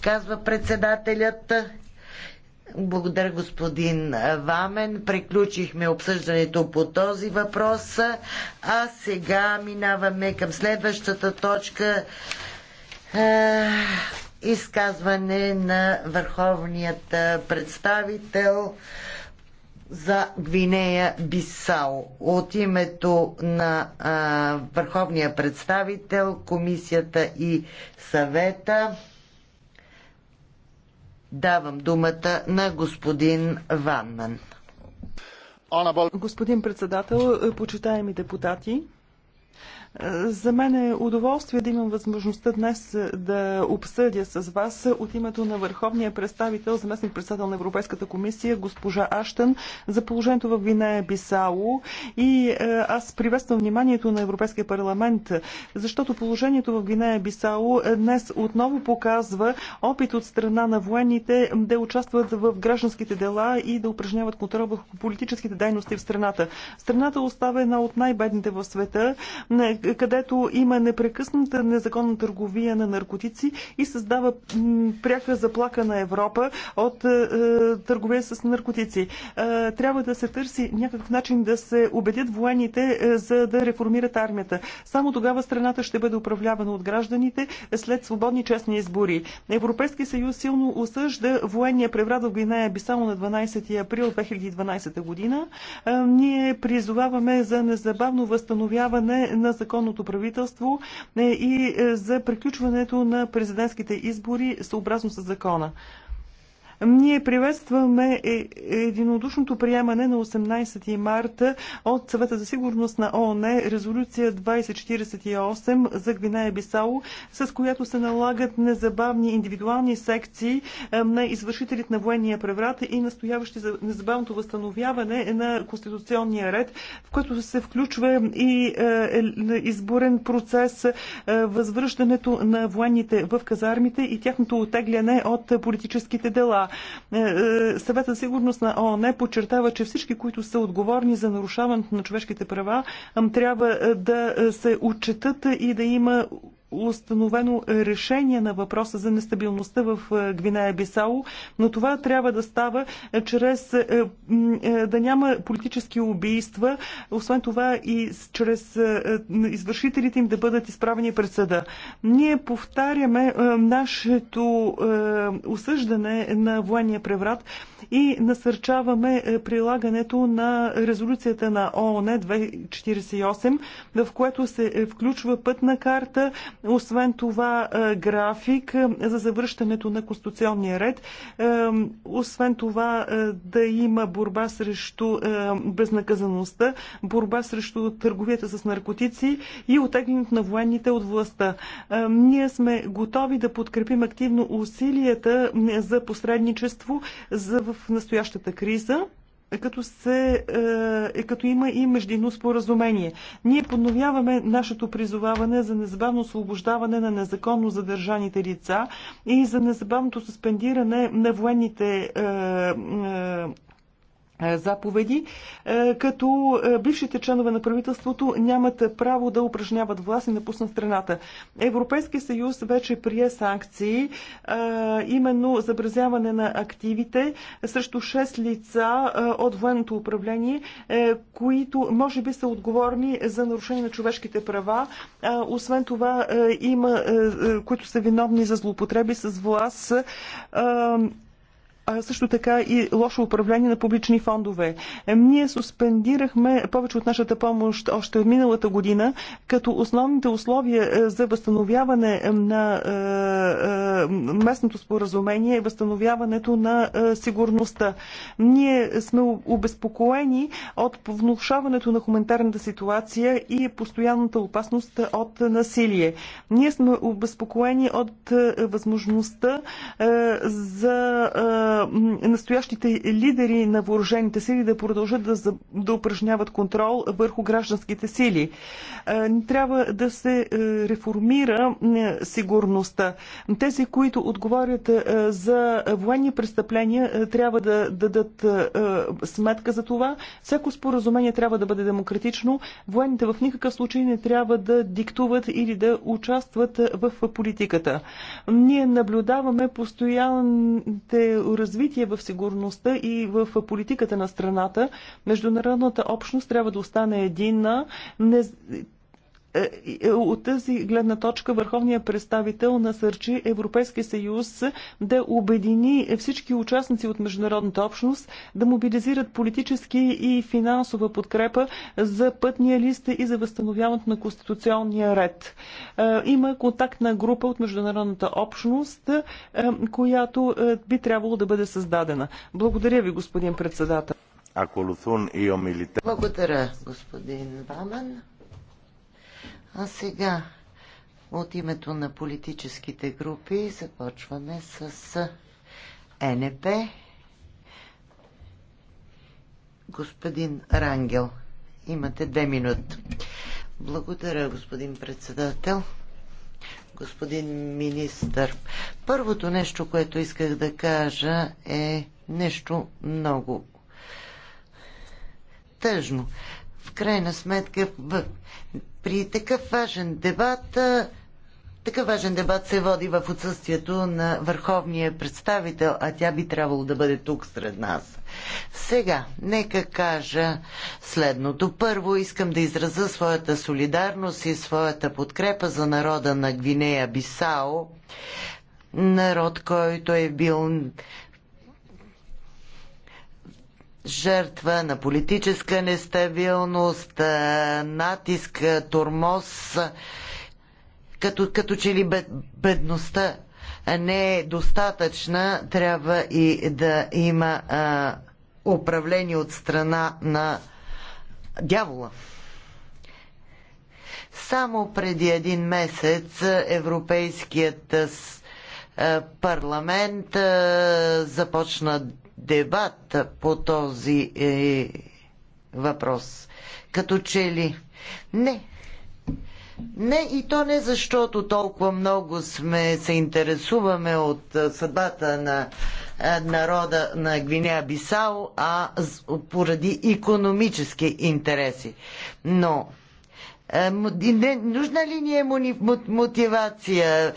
казва председателят. Благодаря, господин Вамен. Приключихме обсъждането по този въпрос. А сега минаваме към следващата точка. Е, изказване на върховният представител за Гвинея Бисао. От името на а, е, върховния представител, комисията и съвета Давам думата на господин Ванман. Господин председател, почитаеми депутати, за мен е удоволствие да имам възможността днес да обсъдя с вас от името на върховния представител, заместник председател на Европейската комисия, госпожа Аштън, за положението в Винея Бисало. И е, аз приветствам вниманието на Европейския парламент, защото положението в Винея Бисало е, днес отново показва опит от страна на военните да участват в гражданските дела и да упражняват контрол върху политическите дейности в страната. Страната остава една от най-бедните в света където има непрекъсната незаконна търговия на наркотици и създава пряка заплака на Европа от е, е, търговия с наркотици. Е, трябва да се търси някакъв начин да се убедят военните за да реформират армията. Само тогава страната ще бъде управлявана от гражданите след свободни честни избори. Европейски съюз силно осъжда военния преврат в Гвинея само на 12 април 2012 година. Ние призоваваме за незабавно възстановяване на закон законното правителство е, и е, за приключването на президентските избори съобразно с закона. Ние приветстваме е, единодушното приемане на 18 марта от съвета за сигурност на ООН резолюция 2048 за Гвинея Бисало, с която се налагат незабавни индивидуални секции е, на извършителите на военния преврат и настояващи за незабавното възстановяване на конституционния ред, в който се включва и е, изборен процес, възвръщането на военните в казармите и тяхното отегляне от политическите дела. Е, е, Съвета сигурност на ООН подчертава, че всички, които са отговорни за нарушаването на човешките права, трябва е, да се отчетат и да има установено решение на въпроса за нестабилността в е, гвинея Бисало, но това трябва да става е, чрез е, да няма политически убийства, освен това и чрез извършителите им да бъдат изправени пред съда. Ние повтаряме нашето осъждане на военния преврат и насърчаваме прилагането на резолюцията на ООН 248, в което се включва пътна карта освен това е, график е, за завръщането на конституционния ред. Е, освен това да има борба срещу безнаказаността, борба срещу търговията с наркотици и отеглянето на военните от властта. Ние сме готови да подкрепим активно усилията за посредничество за в настоящата криза. Е като, се, е, е, като има и междинно споразумение. Ние подновяваме нашето призоваване за незабавно освобождаване на незаконно задържаните лица и за незабавното суспендиране на военните е, е, е, заповеди, е, като е, бившите членове на правителството нямат право да упражняват власт и напуснат страната. Европейския съюз вече прие санкции, именно забразяване на активите срещу 6 лица от военното управление, които може би са отговорни за нарушение на човешките права. Освен това има, които са виновни за злоупотреби с власт а също така и лошо управление на публични фондове. Е, ние суспендирахме повече от нашата помощ още миналата година, като основните условия е, за възстановяване на е, местното споразумение е възстановяването на сигурността. Ние сме обезпокоени от внушаването на хуманитарната ситуация и постоянната опасност от насилие. Ние сме обезпокоени от възможността за настоящите лидери на вооружените сили да продължат да, да упражняват контрол върху гражданските сили. Трябва да се е, реформира сигурността. Тези, които отговорят е, за военни престъпления, е, трябва да дадат сметка за това. Всяко споразумение трябва да бъде демократично. Военните в никакъв случай не трябва да диктуват или да участват в политиката. Ние наблюдаваме постоянните развитие в сигурността и в политиката на страната, международната общност трябва да остане единна. Не, е, е, от тази гледна точка върховният представител насърчи Европейския съюз да обедини всички участници от международната общност, да мобилизират политически и финансова подкрепа за пътния лист и за възстановяването на конституционния ред. Е, има контактна група от международната общност, която би трябвало да бъде създадена. Благодаря ви, господин председател. Благодаря, господин Ваман. А сега от името на политическите групи започваме с е НП. Господин Рангел, имате две минути. Благодаря, господин председател. Господин министър, първото нещо, което исках да кажа е нещо много тъжно. В крайна сметка при такъв важен дебат такъв важен дебат се води в отсъствието на върховния представител, а тя би трябвало да бъде тук сред нас. Сега, нека кажа следното. Първо искам да изразя своята солидарност и своята подкрепа за народа на Гвинея Бисао, народ, който е бил жертва на политическа нестабилност, натиск, тормоз, като, като че ли бед, бедността не е достатъчна, трябва и да има а, управление от страна на дявола. Само преди един месец Европейският парламент започна дебат по този е, въпрос. Като че ли? Не. Не, и то не защото толкова много сме се интересуваме от е, съдбата на е, народа на Гвинея Бисао, а поради економически интереси. Но е, не, нужна ли ни е мотивация?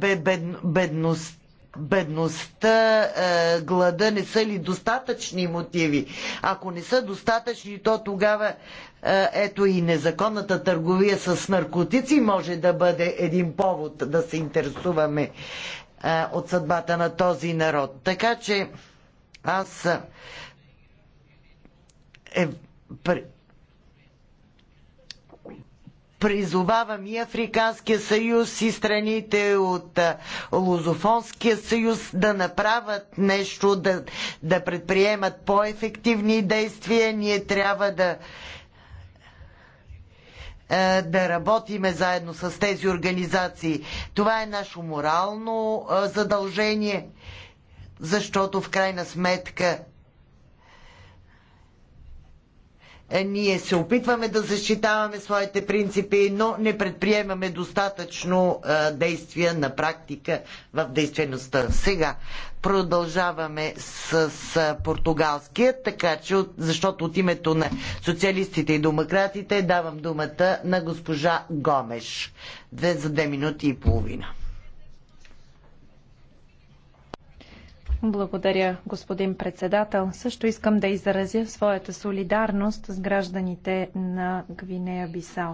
Бед, бедност, бедността, е, глада не са ли достатъчни мотиви? Ако не са достатъчни, то тогава е, ето и незаконната търговия с наркотици може да бъде един повод да се интересуваме е, от съдбата на този народ. Така че аз е, Призовавам и Африканския съюз и страните от Лозофонския съюз да направят нещо, да, да предприемат по-ефективни действия. Ние трябва да да работиме заедно с тези организации. Това е наше морално задължение, защото в крайна сметка Е, ние се опитваме да защитаваме своите принципи, но не предприемаме достатъчно е, действия на практика в действеността. Сега продължаваме с, с е, португалския, така че, защото от името на социалистите и демократите давам думата на госпожа Гомеш. Две за две минути и половина. Благодаря, господин председател. Също искам да изразя своята солидарност с гражданите на Гвинея Бисао.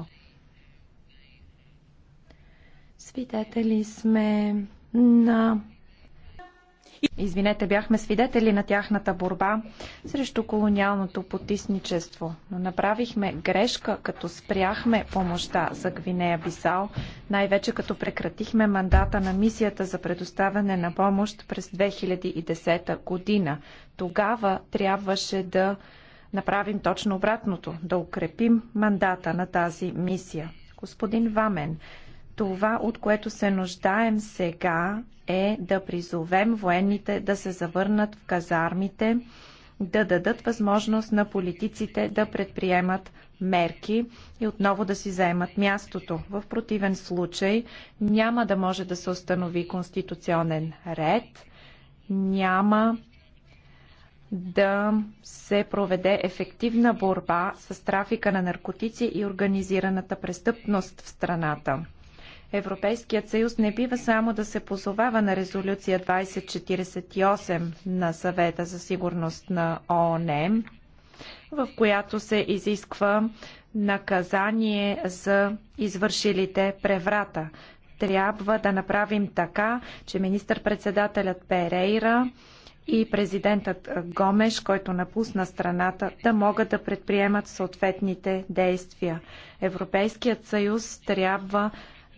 Свидетели сме на Извинете, бяхме свидетели на тяхната борба срещу колониалното потисничество, но направихме грешка, като спряхме помощта за Гвинея Бисал, най-вече като прекратихме мандата на мисията за предоставяне на помощ през 2010 година. Тогава трябваше да направим точно обратното, да укрепим мандата на тази мисия. Господин Вамен, това, от което се нуждаем сега, е да призовем военните да се завърнат в казармите, да дадат възможност на политиците да предприемат мерки и отново да си заемат мястото. В противен случай няма да може да се установи конституционен ред, няма да се проведе ефективна борба с трафика на наркотици и организираната престъпност в страната. Европейският съюз не бива само да се позовава на резолюция 2048 на съвета за сигурност на ООН, в която се изисква наказание за извършилите преврата. Трябва да направим така, че министър-председателят Перейра и президентът Гомеш, който напусна страната, да могат да предприемат съответните действия. Европейският съюз трябва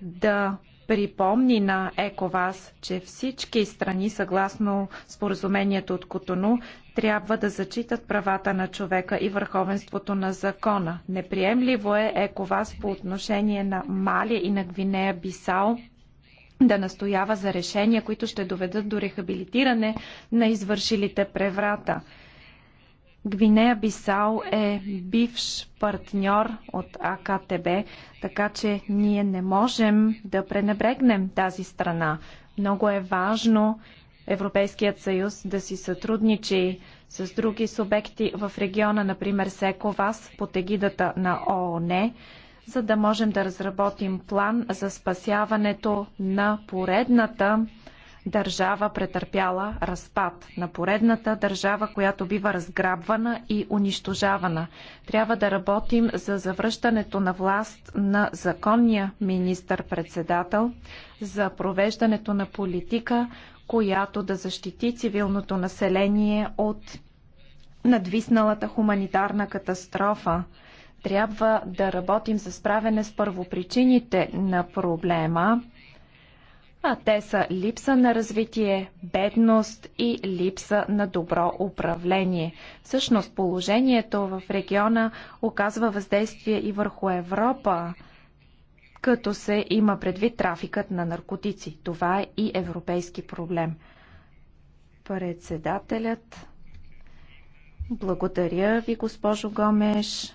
да припомни на ЕКОВАС, че всички страни, съгласно споразумението от Котону, трябва да зачитат правата на човека и върховенството на закона. Неприемливо е ЕКОВАС по отношение на Мали и на Гвинея Бисао да настоява за решения, които ще доведат до рехабилитиране на извършилите преврата. Гвинея Бисал е бивш партньор от АКТБ, така че ние не можем да пренебрегнем тази страна. Много е важно Европейският съюз да си сътрудничи с други субекти в региона, например Сековас, под егидата на ООН, за да можем да разработим план за спасяването на поредната държава претърпяла разпад, на поредната държава, която бива разграбвана и унищожавана. Трябва да работим за завръщането на власт на законния министър-председател, за провеждането на политика, която да защити цивилното население от надвисналата хуманитарна катастрофа. Трябва да работим за справяне с първопричините на проблема – а те са липса на развитие, бедност и липса на добро управление. Всъщност положението в региона оказва въздействие и върху Европа, като се има предвид трафикът на наркотици. Това е и европейски проблем. Председателят. Благодаря ви, госпожо Гомеш.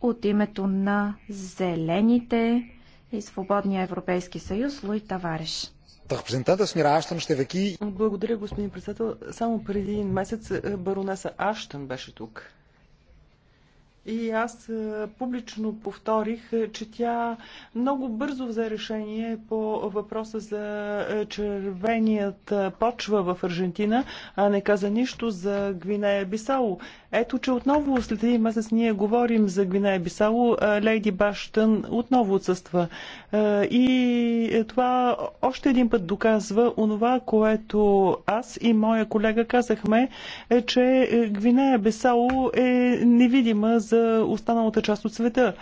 От името на зелените и Свободния Европейски съюз Луи Тавареш. Благодаря, господин председател. Само преди един месец е, баронеса Аштън беше тук. И аз е, публично повторих, е, че тя много бързо взе решение по въпроса за е, червеният почва в Аржентина, а не каза нищо за Гвинея Бисало. Ето, че отново след един месец ние говорим за Гвинея Бисало. Лейди Баштън отново отсъства. И това още един път доказва онова, което аз и моя колега казахме, че Гвинея Бисало е невидима за останалата част от света.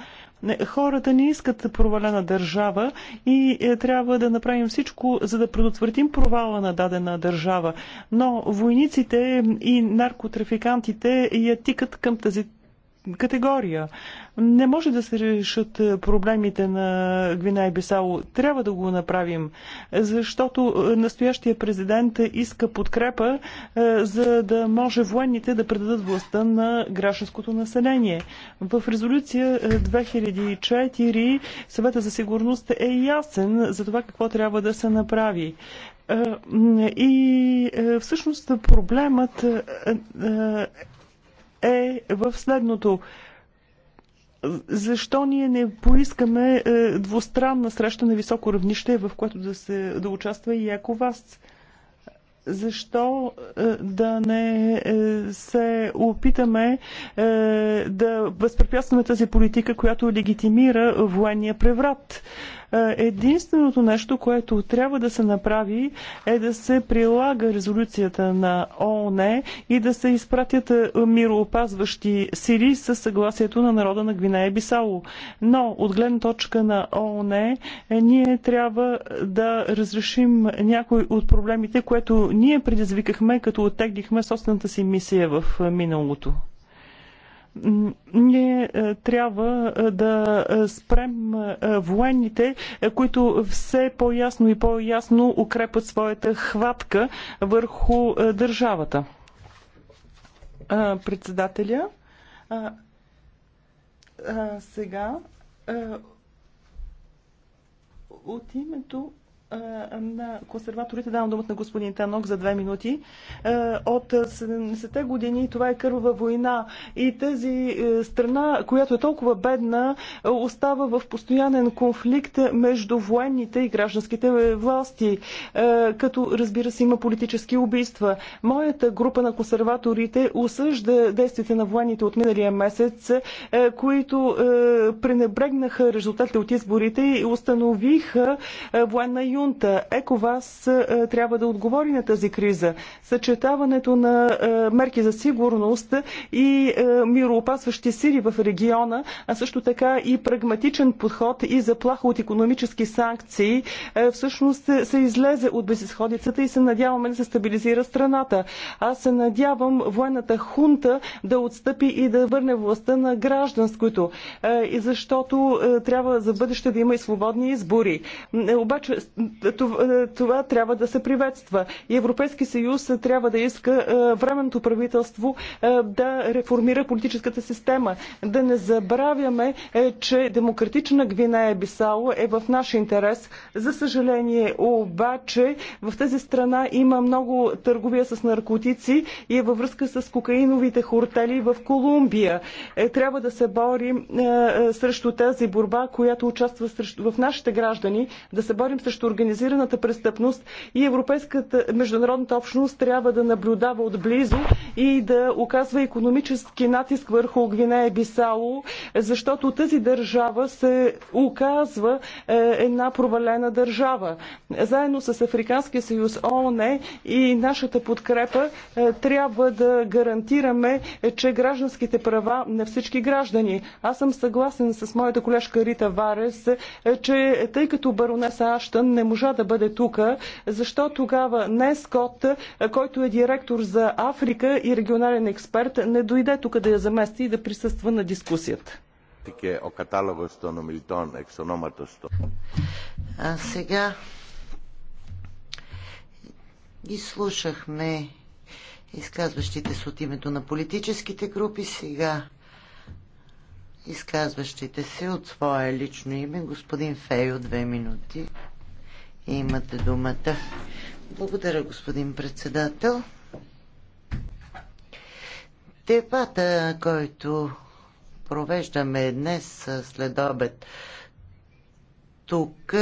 Хората не искат провалена държава и е, трябва да направим всичко, за да предотвратим провала на дадена държава. Но войниците и наркотрафикантите я тикат към тази категория. Не може да се решат е, проблемите на Гвина и Бесало. Трябва да го направим, защото е, настоящия президент иска подкрепа, е, за да може военните да предадат властта на гражданското население. В резолюция 2004 съвета за сигурност е ясен за това какво трябва да се направи. И всъщност проблемът е в следното. Защо ние не поискаме е, двустранна среща на високо равнище, в което да, се, да участва и Яко Васц? защо е, да не е, се опитаме е, да възпрепятстваме тази политика, която легитимира военния преврат? Единственото нещо, което трябва да се направи е да се прилага резолюцията на ООН и да се изпратят мироопазващи сили със съгласието на народа на Гвинея Бисало. Но от гледна точка на ООН ние трябва да разрешим някой от проблемите, което ние предизвикахме, като оттеглихме собствената си мисия в миналото ние трябва да спрем военните, които все по-ясно и по-ясно укрепват своята хватка върху държавата. Председателя, сега от името е, на консерваторите давам думата на господин Танок за две минути. Е, от 70-те години това е кървава война и тази е, страна, която е толкова бедна, остава в постоянен конфликт между военните и гражданските власти, като разбира се има политически убийства. Моята група на консерваторите осъжда действията на военните от миналия месец, които пренебрегнаха резултатите от изборите и установиха военна юнит юнта. ЕКОВАС е, трябва да отговори на тази криза. Съчетаването на е, мерки за сигурност и е, мироопасващи сили в региона, а също така и прагматичен подход и заплаха от економически санкции, всъщност се излезе от безисходицата и се надяваме да се стабилизира страната. Аз се надявам военната хунта да отстъпи и да върне властта на гражданското, И защото трябва за бъдеще да има и свободни избори. Обаче е, това, е, това трябва да се приветства. И Европейски съюз трябва да иска е, временното правителство да реформира политическата система. Да не забравяме, че демократична Гвинея Бисао е в наш интерес. За съжаление, обаче, в тази страна има много търговия с наркотици и е във връзка с кокаиновите хортели в Колумбия. Трябва да се борим срещу тази борба, която участва в нашите граждани, да се борим срещу организираната престъпност и европейската международната общност трябва да наблюдава отблизо и да оказва економически натиск върху Гвинея Бисало, защото тази държава се оказва е, една провалена държава. Заедно с Африканския съюз, ООН и нашата подкрепа е, трябва да гарантираме, е, че гражданските права на всички граждани. Аз съм съгласен с моята колежка Рита Варес, че тъй като баронеса Аштън не можа да бъде тук. Защо тогава не Скот, който е директор за Африка и регионален експерт, не дойде тук да я замести и да присъства на дискусията? А сега изслушахме изказващите се от името на политическите групи. Сега изказващите се от своя лично име, господин Фейо, две минути. Имате думата. Благодаря, господин председател. Дебата, който провеждаме днес след обед тук,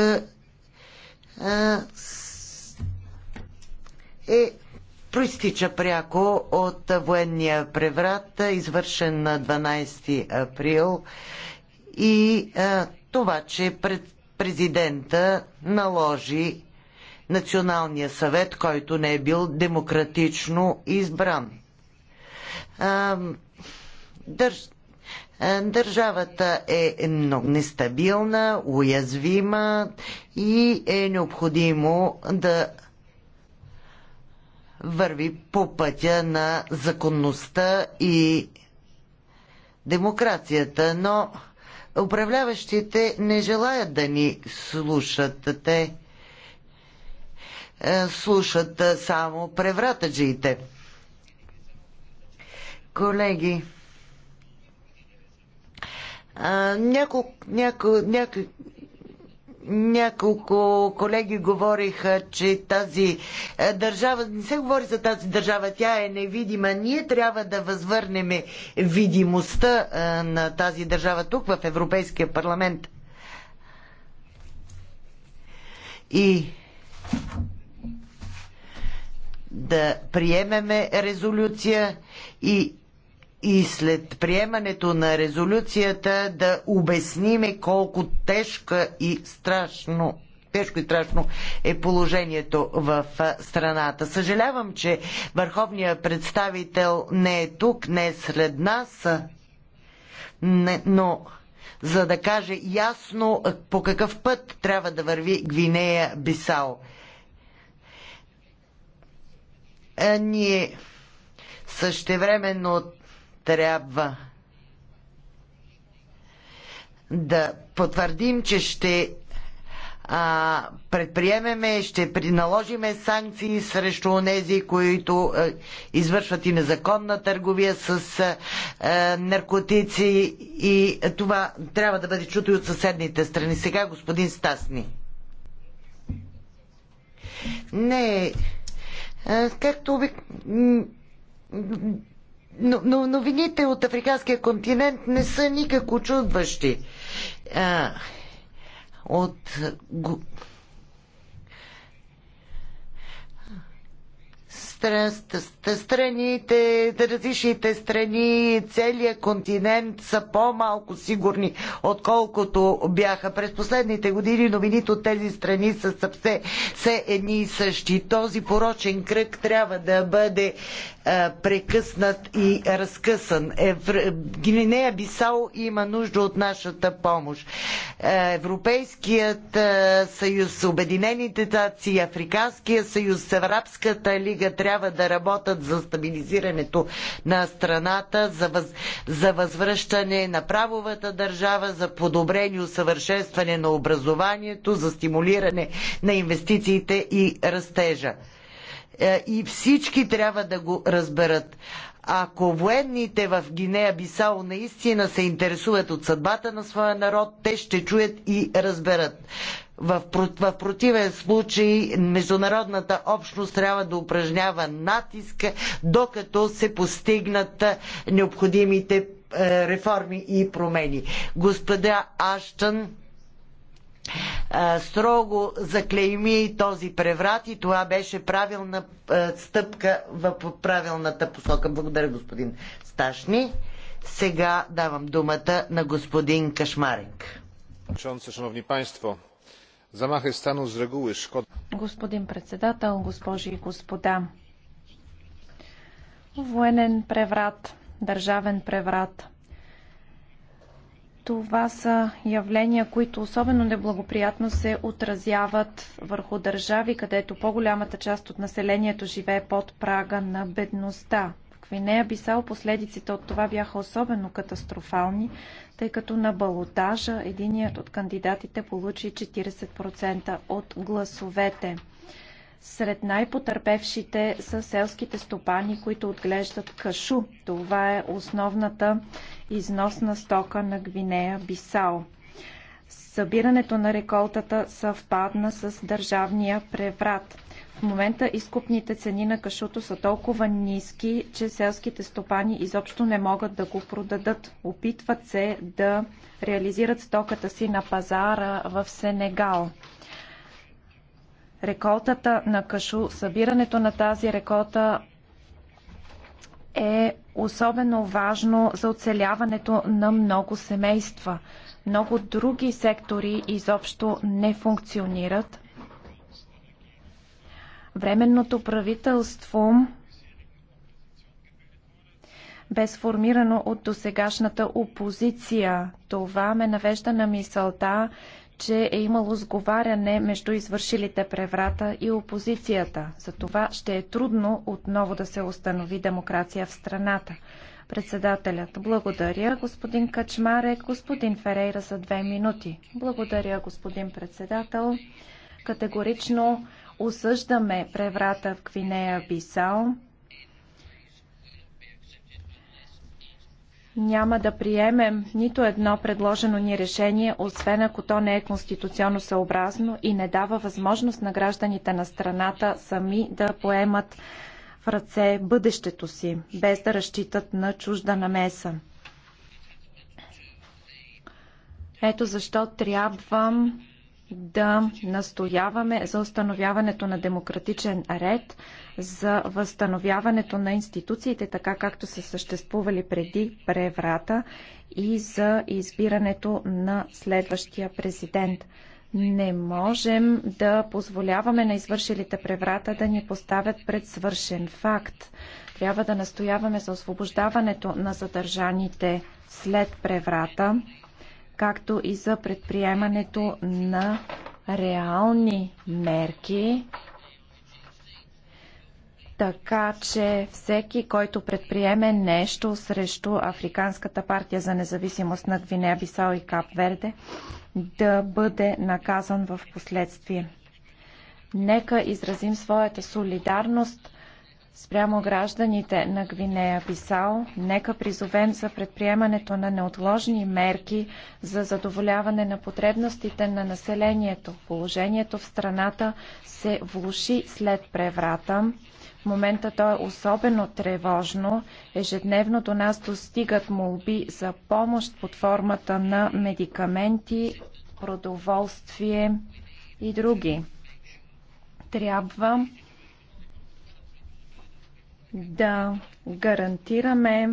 е проистича пряко от военния преврат, извършен на 12 април и а, това, че пред, президента наложи Националния съвет, който не е бил демократично избран. Държ... Държавата е, е много нестабилна, уязвима и е необходимо да върви по пътя на законността и демокрацията, но управляващите не желаят да ни слушат. Те е, слушат е, само превратаджиите. Колеги, е, няко, няко, няко, няколко колеги говориха, че тази е, държава, не се говори за тази държава, тя е невидима. Ние трябва да възвърнем видимостта е, на тази държава тук в Европейския парламент. И да приемеме резолюция и и след приемането на резолюцията да обясниме колко тежка и страшно тежко и страшно е положението в страната. Съжалявам, че върховният представител не е тук, не е сред нас, но за да каже ясно по какъв път трябва да върви Гвинея Бисао. Е, ние същевременно трябва да потвърдим, че ще а, предприемеме, ще наложиме санкции срещу тези, които а, извършват и незаконна търговия с а, наркотици и това трябва да бъде чуто и от съседните страни. Сега господин Стасни. Не, а, както обикновено но, но новините от африканския континент не са никак очудващи. А, от страните, различните страни, целият континент са по-малко сигурни, отколкото бяха през последните години. Новините от тези страни са все, са едни и същи. Този порочен кръг трябва да бъде е, прекъснат и разкъсан. Е, Гвинея Бисао има нужда от нашата помощ. Е, Европейският съюз, Обединените нации, Африканския съюз, Арабската лига трябва да работят за стабилизирането на страната, за, въз... за възвръщане на правовата държава, за подобрение и усъвършенстване на образованието, за стимулиране на инвестициите и растежа. Е, и всички трябва да го разберат ако военните в Гинея Бисао наистина се интересуват от съдбата на своя народ, те ще чуят и разберат. В, противен случай международната общност трябва да упражнява натиск, докато се постигнат необходимите е, реформи и промени. Господа Аштън е, строго заклейми този преврат и това беше правилна е, стъпка в правилната посока. Благодаря, господин Сташни. Сега давам думата на господин Кашмарик. Шановни панство, Замахи стану с регулы Господин председател, госпожи и господа, военен преврат, държавен преврат, това са явления, които особено неблагоприятно се отразяват върху държави, където по-голямата част от населението живее под прага на бедността. Гвинея е Бисал последиците от това бяха особено катастрофални, тъй като на балотажа единият от кандидатите получи 40% от гласовете. Сред най-потърпевшите са селските стопани, които отглеждат кашу. Това е основната износна стока на Гвинея Бисао. Събирането на реколтата съвпадна с държавния преврат. В момента изкупните цени на кашуто са толкова ниски, че селските стопани изобщо не могат да го продадат. Опитват се да реализират стоката си на пазара в Сенегал реколтата на кашу, събирането на тази реколта е особено важно за оцеляването на много семейства. Много други сектори изобщо не функционират. Временното правителство бе сформирано от досегашната опозиция. Това ме навежда на мисълта, че е имало сговаряне между извършилите преврата и опозицията. За това ще е трудно отново да се установи демокрация в страната. Председателят, благодаря господин Качмарек, господин Ферейра за две минути. Благодаря господин председател. Категорично осъждаме преврата в Квинея Бисао. Няма да приемем нито едно предложено ни решение, освен ако то не е конституционно съобразно и не дава възможност на гражданите на страната сами да поемат в ръце бъдещето си, без да разчитат на чужда намеса. Ето защо трябва да настояваме за установяването на демократичен ред, за възстановяването на институциите, така както са съществували преди преврата и за избирането на следващия президент. Не можем да позволяваме на извършилите преврата да ни поставят пред свършен факт. Трябва да настояваме за освобождаването на задържаните след преврата както и за предприемането на реални мерки, така че всеки, който предприеме нещо срещу Африканската партия за независимост на Гвинея, Бисао и Кап Верде, да бъде наказан в последствие. Нека изразим своята солидарност спрямо гражданите на Гвинея Бисао, нека призовем за предприемането на неотложни мерки за задоволяване на потребностите на населението. Положението в страната се влуши след преврата. В момента то е особено тревожно. Ежедневно до нас достигат молби за помощ под формата на медикаменти, продоволствие и други. Трябва да гарантираме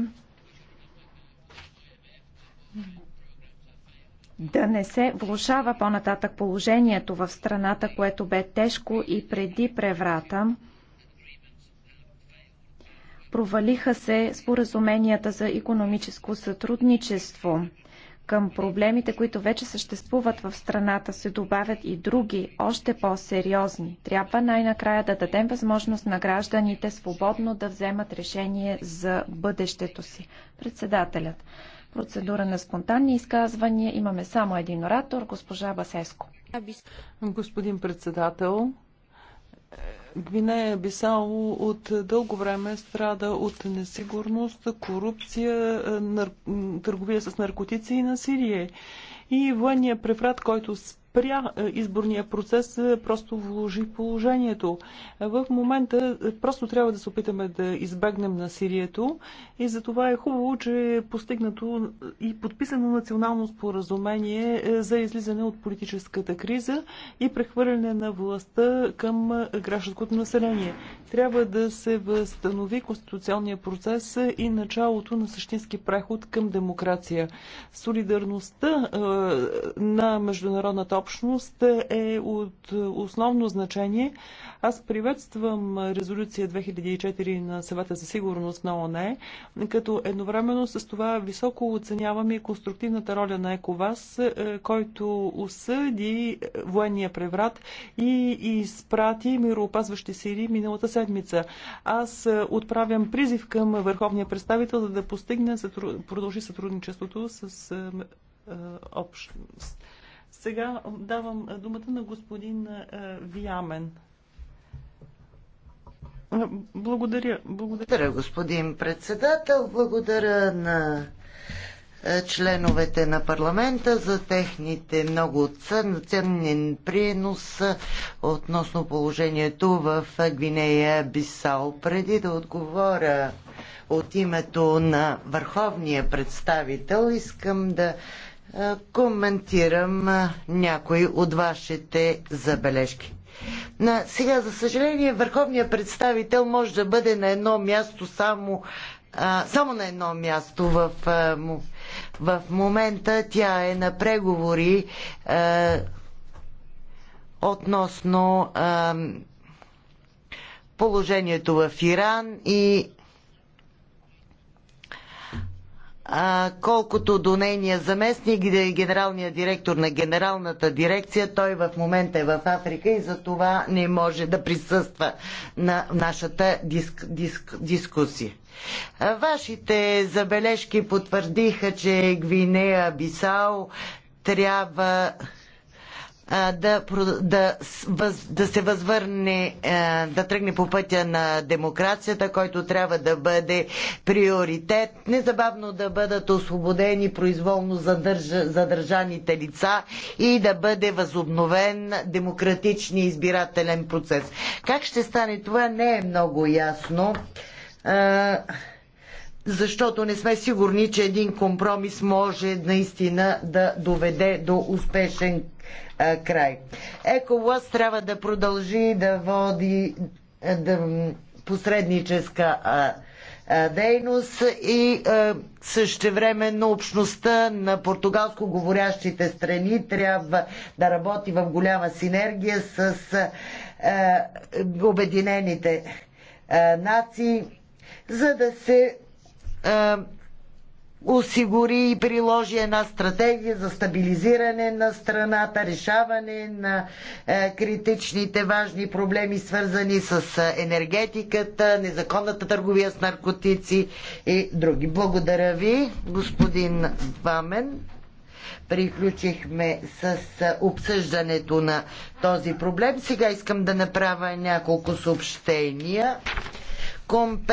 да не се влушава по-нататък положението в страната, което бе тежко и преди преврата. Провалиха се споразуменията за економическо сътрудничество. Към проблемите, които вече съществуват в страната, се добавят и други, още по-сериозни. Трябва най-накрая да дадем възможност на гражданите свободно да вземат решение за бъдещето си. Председателят. Процедура на спонтанни изказвания. Имаме само един оратор, госпожа Басеско. Господин председател, Гвинея Бисао от дълго време страда от несигурност, корупция, нар... търговия с наркотици и насилие. И военният преврат, който спря е, изборния процес, е, просто вложи положението. Е, в момента просто трябва да се опитаме да избегнем насилието и за това е хубаво, че е постигнато и подписано национално споразумение за излизане от политическата криза и прехвърляне на властта към гражданското население. Трябва да се възстанови конституционния процес и началото на същински преход към демокрация. Солидарността на международната общност е от основно значение. Аз приветствам резолюция 2004 на съвета за сигурност на ОНЕ, като едновременно с това високо оценявам и конструктивната роля на ЕКОВАС, е, който осъди военния преврат и изпрати мироопазващи сили миналата седмица. Аз отправям призив към върховния представител да постигне, продължи сътрудничеството с е, е, общност. Сега давам думата на господин Виямен. Благодаря. Благодаря, господин председател. Благодаря на членовете на парламента за техните много ценен принос относно положението в Гвинея Бисал. Преди да отговоря от името на върховния представител, искам да е, коментирам е, някои от вашите забележки. На, сега, за съжаление, върховният представител може да бъде на едно място само, а, само на едно място в, а, е, в момента. Тя е на преговори а, относно а, положението в Иран и А, колкото до нейния заместник, генералния директор на генералната дирекция, той в момента е в Африка и за това не може да присъства на нашата диск, диск, дискусия. Вашите забележки потвърдиха, че Гвинея Бисао трябва да, да, да се възвърне, да тръгне по пътя на демокрацията, който трябва да бъде приоритет. Незабавно да бъдат освободени произволно задърж, задържаните лица и да бъде възобновен демократичен избирателен процес. Как ще стане това не е много ясно защото не сме сигурни, че един компромис може наистина да доведе до успешен а, край. Еколас трябва да продължи да води да, посредническа а, а, дейност и а, същевременно общността на португалско говорящите страни трябва да работи в голяма синергия с а, Обединените а, нации, за да се а, осигури и приложи една стратегия за стабилизиране на страната, решаване на е, критичните важни проблеми, свързани с е, енергетиката, незаконната търговия с наркотици и други. Благодаря ви, господин Вамен. Приключихме с е, обсъждането на този проблем. Сега искам да направя няколко съобщения. Компет